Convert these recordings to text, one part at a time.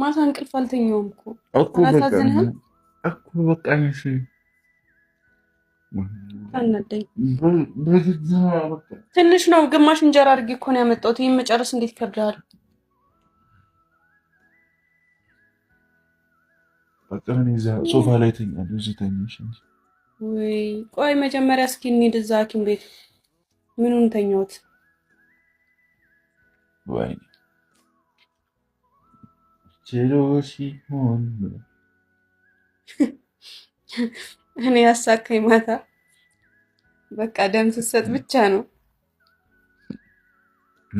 ማታ እንቅልፍ አልተኛውም እኮ አላሳዝንህም እኮ በቃ እሺ ትንሽ ነው ግማሽ እንጀራ አድርጌ እኮ ነው ያመጣሁት ይህን መጨረስ እንዴት ይከብድሃል ሶፋ ላይ ተኛለሁ እዚህ ተኛሽ ወይ ቆይ መጀመሪያ እስኪ እንሂድ እዛ ሀኪም ቤት ምኑን ተኛሁት ጀሮሲሆን እኔ ያሳካኝ ማታ በቃ ደም ስትሰጥ ብቻ ነው።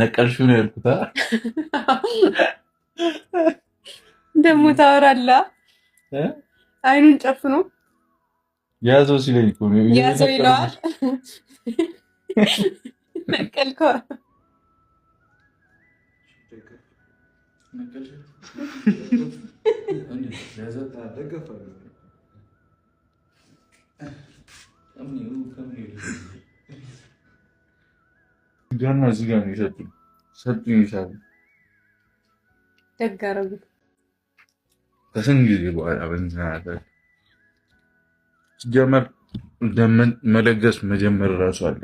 ነቀልሽው ነው ያልኩት። ደግሞ ታወራላ አይኑን ጨፍኖ ያዘው ሲለኝ እኮ ያዘው ይለዋል። ነቀልከዋል ገና እዚህ ጋር ነው የሰጡኝ። ሰጡኝ ይሻሉ ደግ ከስንት ጊዜ በኋላ ሲጀመር መለገስ መጀመር እራሱ አለ።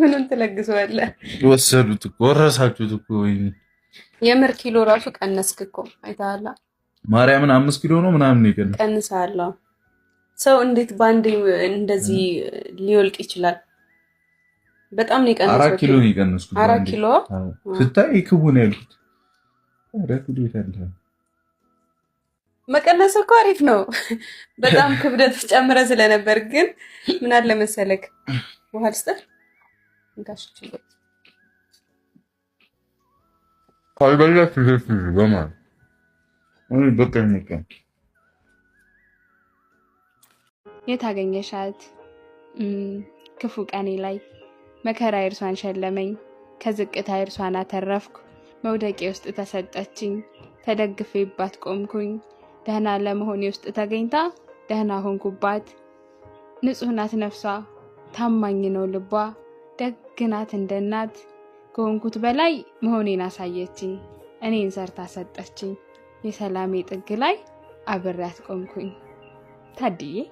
ምንም ትለግሰዋለህ። ወሰዱት እኮ ወረሳችሁት እኮ ወይ የምር ኪሎ ራሱ ቀነስክ እኮ አይተሃል። ማርያምን አምስት ኪሎ ነው ምናምን ይቀንስ ቀንሳለሁ። ሰው እንዴት በአንድ እንደዚህ ሊወልቅ ይችላል? በጣም ነው የቀነስኩት። አራት ኪሎ ነው የቀነስኩት። አራት ኪሎ ስታይ ክቡ ነው ያልኩት። መቀነስ እኮ አሪፍ ነው። በጣም ክብደት ጨምረ ስለነበር ግን ምን አለ መሰለክ ውሃ ልስጥህ 발발라 주셨어, 누가 말. 오늘 너 때문이니까. የት አገኘሻት? ክፉ ቀኔ ላይ መከራ እርሷን ሸለመኝ፣ ከዝቅታ እርሷን አተረፍኩ። መውደቄ ውስጥ ተሰጠችኝ፣ ተደግፌባት ቆምኩኝ። ደህና ለመሆኔ ውስጥ ተገኝታ ደህና ሆንኩባት። ንጹሕ ናት ነፍሷ፣ ታማኝ ነው ልቧ፣ ደግናት እንደ እናት ከሆንኩት በላይ መሆኔን አሳየችኝ። እኔን ሰርታ ሰጠችኝ። የሰላሜ ጥግ ላይ አብሬያት ቆምኩኝ። ታድዬ